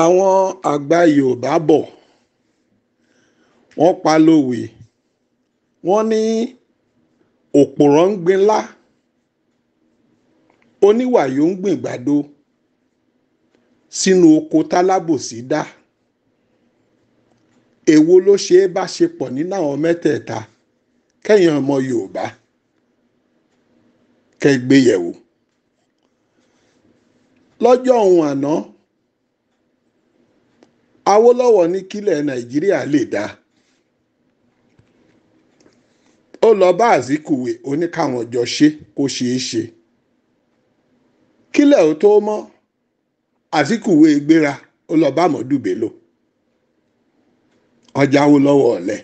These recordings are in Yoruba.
àwọn àgbà yorùbá bọ̀ wọ́n pa lówe wọ́n ní òpòrọ̀ ń gbin ńlá oníwàyó ń gbìn gbàdo sínú oko tálábòsí dá èwo ló ṣe é bá ṣe pọ̀ nínú àwọn mẹ́tẹ̀ẹ̀ta kẹ́yìn ọmọ yorùbá kẹ́gbéyẹ̀wò lọ́jọ́ ohun àná. No? awolowo ní kílẹ̀ Nàìjíríà lè dá ó lọ bá Azikiwe oníkàwọn jọ ṣe kó ṣeé ṣe kílẹ̀ ó tó mọ́ Azikiwe gbéra ó lọ bá Ahmadu Bello ọjà Awólọ́wọ̀ ọ̀lẹ́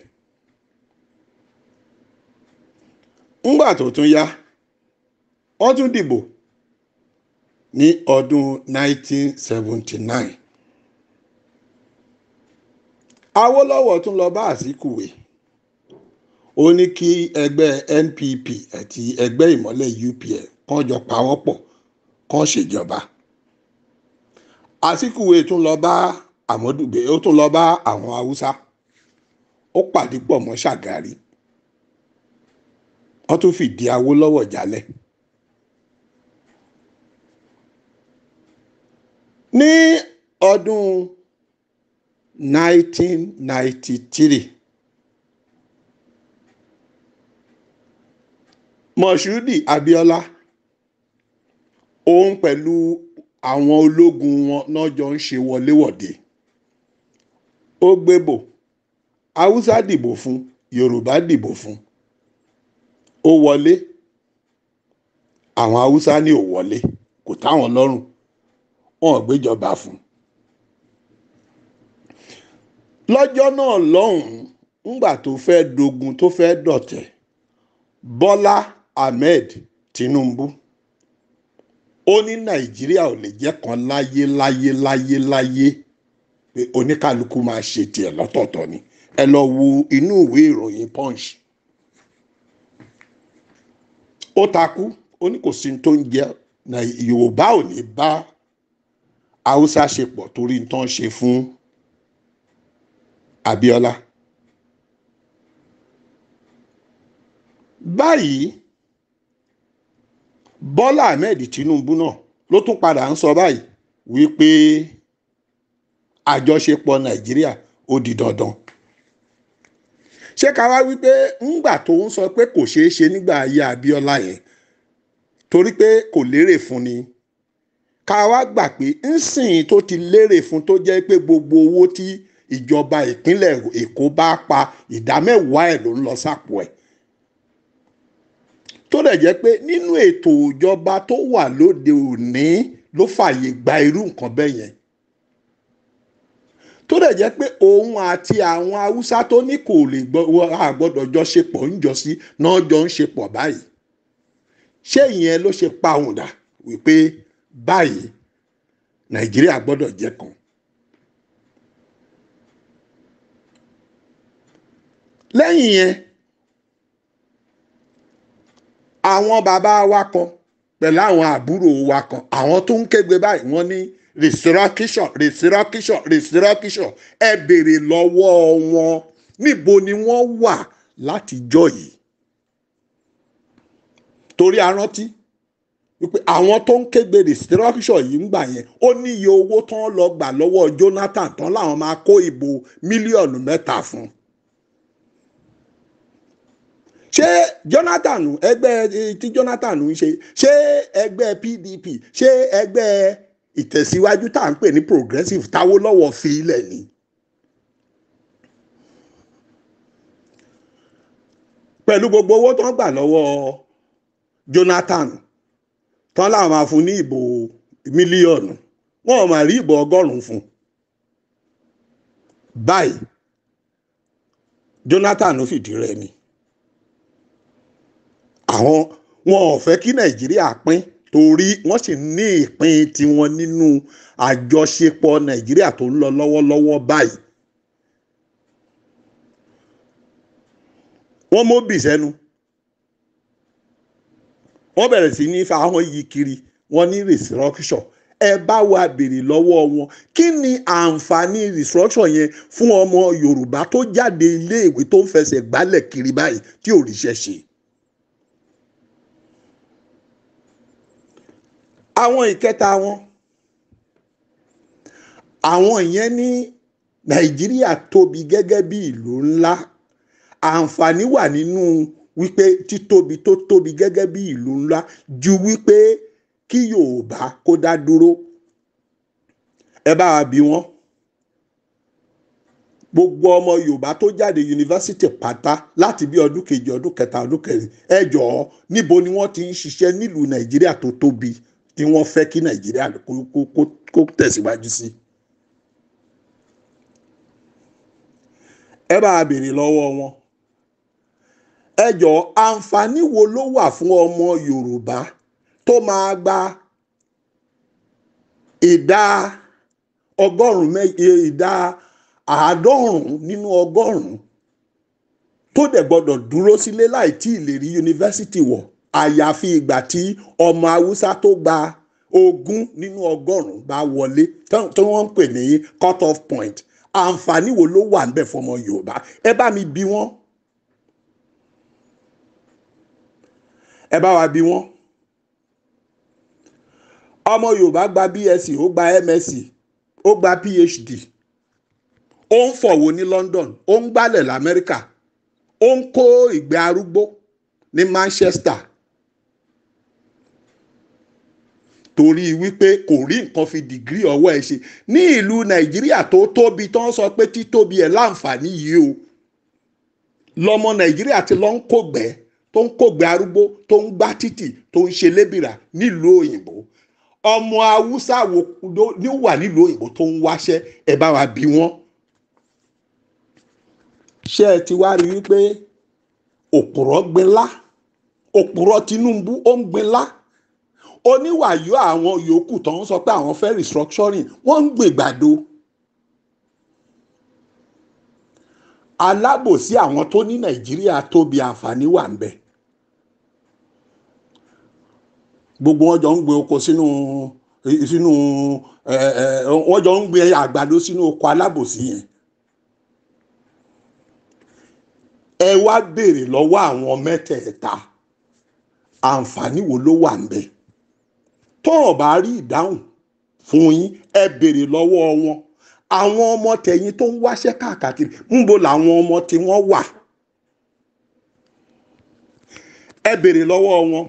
ńgbà tó tún yá wọ́n tún dìbò ní ọdún 1979 Awólọ́wọ̀ tún lọ bá Azikiwe ó ní kí ẹgbẹ́ NPP àti ẹgbẹ́ ìmọ́lẹ̀ UPN kan jọ pawọ́pọ̀ kan ṣèjọba Azikiwe tún lọ bá Àmọ́dùgbé ó tún lọ bá àwọn Haúsá ó pàdé pọ̀ mọ́ Ṣàgárí wọ́n tún fìdí Awólọ́wọ̀ jálẹ̀. ní ọdún 1993 moshood abiola òun pẹ̀lú àwọn ológun wọn lọ́jọ́ ń ṣe wọléwọ̀de ó gbébò haúsá dìbò fún yorùbá dìbò fún ó wọlé àwọn haúsá ní ò wọlé kò táwọn lọ́rùn wọn ò gbéjọba fún un lọ́jọ́ náà lọ́hùn-ún ńgbà fẹ́ dogun tó fẹ́ dọ̀tẹ̀ Bọ́lá Ahmed Tinubu ó ní Nàìjíríà ò lè jẹ́ kan láyé láyé láyé láyé oníkálukú máa ṣe tiẹ̀ lọ́tọ̀ọ̀tọ̀ ni ẹ lọ wo inú ìwé ìròyìn Punch ó takú ó ní kò sí tó ń jẹ Yorùbá ò ní bá Haúsá ṣe pọ̀ torí tó ń ṣe fún. abiola báyìí Bọ́lá Ahmed Tinubu náà ló tún padà ń sọ báyìí wípé àjọṣepọ̀ Nàìjíríà ó di dandan ṣé ká wá wípé ńgbà tó ń sọ pé kò ṣeé ṣe nígbà ayé abiola yẹn torí pé kò lérè fún ni ká wá gbà pé ńsìn tó ti lérè fún tó jẹ́ pé gbogbo owó tí ìjọba ìpínlẹ̀ Èkó bá pa ìdá mẹ́wàá ẹ̀ ló ń lọ sápò ẹ̀ tó dẹ̀ jẹ́ pé nínú ètò ìjọba tó wà lóde òní ló fààyè gba irú nǹkan bẹ́ẹ̀ yẹn tó dẹ̀ jẹ́ pé òun àti àwọn haúsá tó ní kò lè gbọ́dọ̀ jọ ṣe pọ̀ ń jọ sí náà jọ ń ṣe pọ̀ báyìí ṣé ìyẹn ló ṣe pa òun dà wípé báyìí Nàìjíríà gbọ́dọ̀ jẹ́ kan lẹ́yìn yẹn àwọn bàbá wa kan pẹ̀lú àwọn àbúrò wa kan àwọn tó ń kégbe báyìí wọ́n ní resurrection resurrection resurrection ẹ béèrè lọ́wọ́ wọn níbo ni wọ́n wà látijọ́ yìí torí arántí wípé àwọn tó ń kégbe resurrection yìí ń gbà yẹn ó ní iye owó tán lọ gbà lọ́wọ́ Jonathan tán láwọn máa kó ìbò mílíọ̀nù mẹ́ta fún un ṣé Jonathan ẹgbẹ eh, tí Jonathan ń ṣe ṣé ẹgbẹ́ PDP ṣé ẹgbẹ ìtẹ̀síwájú tá à ń pè ní progressive táwó lọ́wọ́ fi ilẹ̀ ni. pẹ̀lú gbogbo owó tó ń gbà lọ́wọ́ Jonathan tán láwọn máa fún ní ìbò mílíọ̀nù wọn ò máa rí ìbò ọgọ́rùn-ún fún báyìí Jonathan ló fìdí rẹmi àwọn wọn ò fẹ́ kí nàìjíríà pín torí wọ́n sì ní ìpín tiwọn nínú àjọṣepọ̀ nàìjíríà tó ń lọ lọ́wọ́lọ́wọ́ báyìí. wọ́n móbì sẹ́nu wọ́n bẹ̀rẹ̀ sí ní fáwọn yí kiri wọ́n ní resurrection ẹ bá wa béèrè lọ́wọ́ wọn kí ni àǹfààní resurrection yẹn fún ọmọ yorùbá tó jáde iléèwé tó ń fẹsẹ̀ gbálẹ̀ kiri báyìí tí ò ríṣẹ́ ṣe. àwọn ìkẹta wọn àwọn ìyẹn ní nàìjíríà tóbi gẹ́gẹ́ bí ìlú ńlá àǹfààní wà nínú wípé títóbi tó tóbi gẹ́gẹ́ bí ìlú ńlá ju wípé kí yorùbá kó dá dúró ẹ bá wa bí wọn gbogbo ọmọ yorùbá tó jáde yunifásitì pátá láti bí ọdún kejì ọdún kẹta ọdún kẹrin ẹ jọ̀ọ́ níbo ni wọ́n ti ń ṣiṣẹ́ nílùú nàìjíríà tó tóbi tí wọ́n fẹ́ kí nàìjíríà kó tẹ̀síwájú sí. ẹ bá a béèrè lọ́wọ́ wọn ẹ jọ àǹfààní wo ló wà fún ọmọ yorùbá tó máa gba ìdá ọgọ́rùn-ún eh, ìdá àádọ́rùn-ún nínú ọgọ́rùn-ún tó dẹ̀ gbọ́dọ̀ dúró sílé láì tí ì lè rí yunifásitì wọ̀ àyàfi ìgbà tí ọmọ haúsá tó gba ogún nínú ọgọ́rùn-ún bá wọlé tí wọ́n ń pè ní cut off point àǹfààní wo ló wà níbẹ̀ fọmọ yorùbá ẹ bá mi bí wọ́n ẹ bá wa bí wọ́n ọmọ yorùbá gba bsc ó gba msc ó gba phd ó ń fọ̀wọ́ ní london ó ń gbálẹ̀ lamẹ́ríkà ó ń kó ìgbẹ́ arúgbó ní manchester torí wípé kò rí nǹkan fi dìgírí ọwọ́ ẹ̀ ṣe ní ìlú nàìjíríà tó tóbi tó ń sọ pé títóbi ẹ̀ láǹfààní yìí o lọmọ nàìjíríà ti lọ ń kògbẹ tó ń kògbẹ arúgbó tó ń gbá títì tó ń ṣe lébìrà nílùú òyìnbó ọmọ haúsá wo ló wà nílùú òyìnbó tó ń wáṣẹ́ ẹ bá wa bí wọn. ṣé ẹ ti wá rí wípé òpùrọ́ gbinlá òpùrọ́ Tinubu ó ń gbinlá oníwàyó àwọn yòókù tó ń sọ pé àwọn fẹ́ restructuring wọ́n ń gbègbàdo alábòsí àwọn tó ní nàìjíríà tóbi àǹfààní wà ń bẹ gbogbo wọn jọ ń gbé oko sínú sínú ẹ ẹ wọn jọ ń gbé àgbàdo sínú oko alábòsí yẹn ẹ wá béèrè lọ́wọ́ àwọn mẹ́tẹ̀ẹ̀ta àǹfààní wo ló wà ń bẹ́ẹ̀. tó ò bá rí ìdáhùn fún yín ẹ béèrè lọ́wọ́ wọn àwọn ọmọ tẹ̀yìn tó ń wáṣẹ́ káàkiri ńbo làwọn ọmọ tí wọ́n wà ẹ béèrè lọ́wọ́ wọn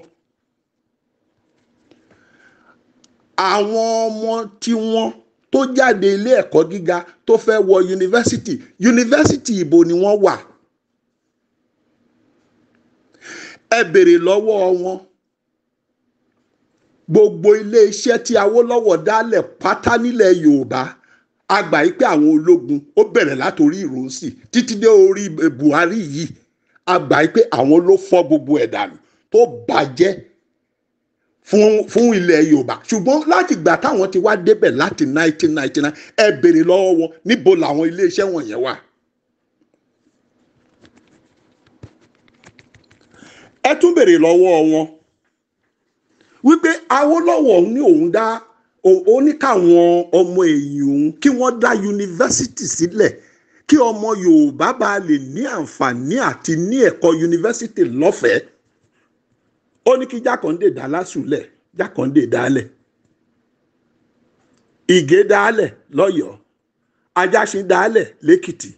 àwọn ọmọ tí wọ́n tó jáde ilé ẹkọ gíga tó fẹ wọ yunifásitì yunifásitì ìbò ni wọ́n wà ẹ béèrè lọ́wọ́ wọn gbogbo iléeṣẹ́ tí Awólọ́wọ̀ dálẹ̀ pátá nílẹ̀ Yorùbá a gbà yí pé àwọn ológun ó bẹ̀rẹ̀ látòrí Ìrọ̀nsì títí dé orí Buhari yìí a gbà yí pé àwọn ló fọ́ gbogbo ẹ̀ dànù tó bàjẹ́ fún fún ilẹ̀ Yorùbá ṣùgbọ́n láti gbà táwọn ti wá débẹ̀ láti 1999 ẹ béèrè lọ́wọ́ wọn níbo làwọn iléeṣẹ́ wọ̀nyẹn wà. ẹ tún béèrè lọ́wọ́ wọn wípé Awólọ́wọ̀ ní òun dá ó ní káwọn ọmọ èyí òun kí wọ́n dá yunifásitì sílẹ̀ kí ọmọ Yorùbá bá lè ní àǹfààní àti ní ẹ̀kọ́ yunifásitì lọ́fẹ̀ẹ́ ó ní kí Jákàndé dá lásùlẹ̀ Jákàndé dálẹ̀ Ìgè dálẹ̀ lọ́yọ̀ọ́ Ajáṣin dálẹ̀ lẹ́kìtì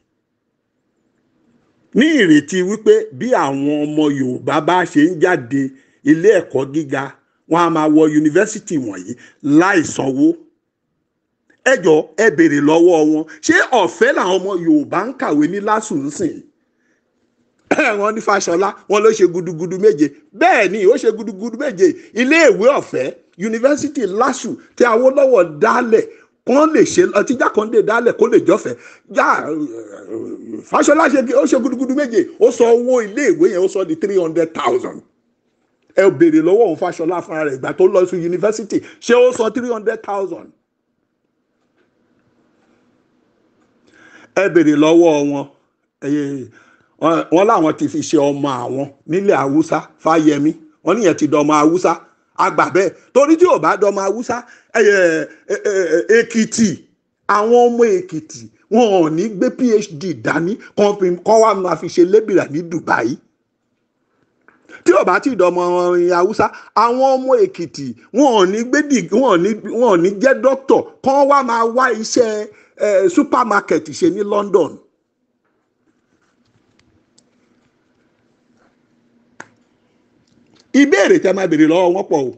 ní ìrètí wípé bí àwọn ọmọ Yorùbá bá ṣe ń jáde ilé ẹ̀kọ́ gíga wọ́n á máa wọ yunifásitì wọ̀nyí láì sanwó ẹjọ́ ẹ béèrè lọ́wọ́ wọn ṣé ọ̀fẹ́ làwọn ọmọ Yorùbá ń kàwé ní LASU sìn wọ́n ní Fáṣọlá wọ́n ló ṣe gudugudu méje bẹ́ẹ̀ ni ó ṣe gudugudu méje iléèwé ọ̀fẹ́ yunifásitì LASU tí Awólọ́wọ̀ dálẹ̀ kán lè ṣe ọtíjà kan lè dálẹ̀ kó lè jọ́fẹ̀ já Fáṣọlá ṣe ó ṣe gudugudu méje ó sọ owó iléèwé yẹn ó sọ di three hundred thousand ẹ béèrè lọ́wọ́ òun Fáṣọlá fúnra rẹ̀ ìgbà tó lọ sí yunifásitì ṣé ó san three hundred thousand ẹ béèrè lọ́wọ́ wọn wọn láwọn ti fi ṣe ọmọ àwọn nílẹ̀ haúsá fáyẹmí wọn níyẹn ti dọmọ haúsá àgbà bẹ́ẹ̀ torí tí ò bá dọmọ haúsá èkìtì àwọn ọmọ èkìtì wọn ò ní gbé phd dání kan wá máa fi ṣe lébìrà ní Dubai tí ó bá ti dọmọ haúsá àwọn ọmọ èkìtì wọn ò ní gbédì wọn ò ní jẹ́ dókítọ̀ kán wá máa wá iṣẹ́ supermarket ṣe ní London. ìbéèrè tẹ máa béèrè lọ́wọ́ wọn pọ̀ o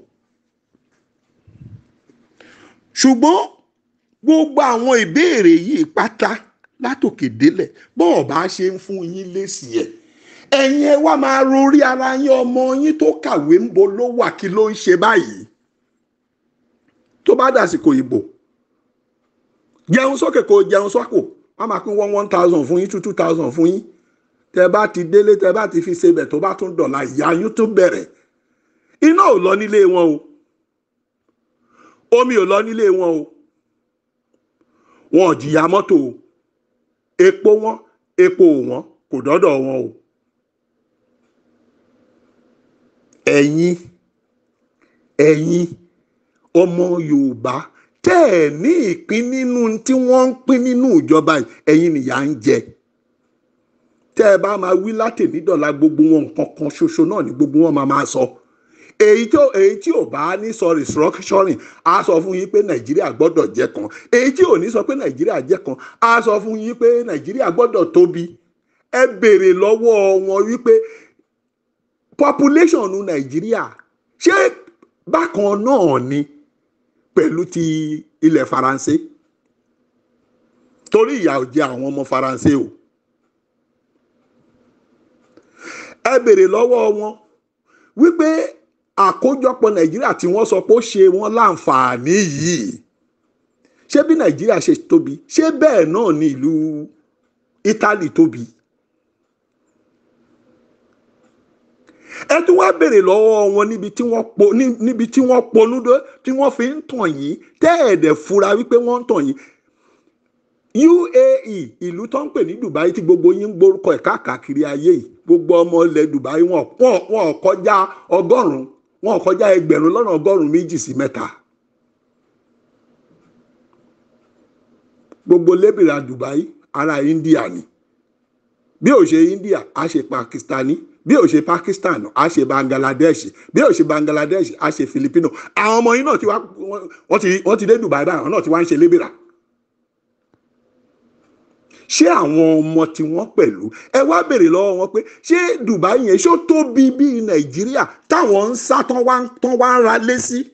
ṣùgbọ́n gbogbo àwọn ìbéèrè yìí pátá látòkè délẹ̀ bọ́ọ̀ bá ṣe ń fún yín lésì ẹ̀ ẹ̀yin ẹ wá máa rorí ara yín ọmọ yín tó kàwé ń bo ló wà kí ló ń ṣe báyìí tó bá dàsìkò ìbò jẹun sókè kò jẹun sọ́kò wọ́n máa pín one one thousand fún yín two two thousand fún yín tẹ bá ti délé tẹ bá ti fi ṣebẹ̀ tó bá tún dọ̀la ìyá yín tún bẹ̀rẹ̀ iná ò lọ nílé wọn o omi ò lọ nílé wọn o wọn ò jìyà mọ́tò o epo wọn epo wọn kò dọ́dọ̀ wọn o. ẹ̀yin ẹ̀yin ọmọ yorùbá tẹ́ ẹ̀ ní ìpín nínú tí wọ́n ń pín nínú ìjọba ẹ̀yin nìyà ń jẹ tẹ́ ẹ bá máa wí látẹ̀nídọ̀la gbogbo wọn nǹkan kan ṣoṣo náà ni gbogbo wọn máa máa sọ èyí tí èyí tí ò bá ní sọ restructuring a sọ fún yín pé nàìjíríà gbọ́dọ̀ jẹ́ kan èyí tí ò ní sọ pé nàìjíríà jẹ́ kan a sọ fún yín pé nàìjíríà gbọ́dọ̀ tóbi ẹ béèrè lọ́wọ́ wọn wípé population nu nàìjíríà ṣé bákan náà ni pẹ̀lú ti ilẹ̀ faransé torí ìyà ò jẹ àwọn ọmọ faransé o ẹ béèrè lọ́wọ́ wọn wípé àkójọpọ̀ nàìjíríà tí wọ́n sọ pé ó ṣe wọ́n láǹfààní yìí ṣé bí nàìjíríà ṣe tóbi ṣé bẹ́ẹ̀ náà ni ìlú italy tóbi ẹ tún wá béèrè lọ́wọ́ wọn níbi tí wọ́n po níbi tí wọ́n ponú dé tí wọ́n fi ń tàn yín tẹ́ fura wípé wọ́n ń tàn yín UAE ìlú tó ń pè ní Dubai tí gbogbo yín ń gborúkọ ẹ̀ káàkiri ayé yìí gbogbo ọmọ ilẹ̀ Dubai wọn wọn kọjá ọgọ́rùn-ún wọn kọjá ẹgbẹ̀rún lọ́nà ọgọ́rùn-ún méjì sí mẹ́ta. gbogbo lébìrà Dubai ará India ni bí ò ṣe India a ṣe Pakistani bí ó ṣe Pakistan á ṣe Bangladesh bí ó ṣe Bangladesh á ṣe Filipino àwọn ọmọ yìí náà ti wá wọ́n ti dé Dubai báyìí àwọn náà ti wá ń ṣe lébìrà ṣé àwọn ọmọ tí wọ́n pẹ̀lú ẹ wá béèrè lọ́wọ́ wọn pé ṣé Dubai yẹn ṣó tóbi bíi Nàìjíríà táwọn ń sá tán wá ń ra lé sí. Si?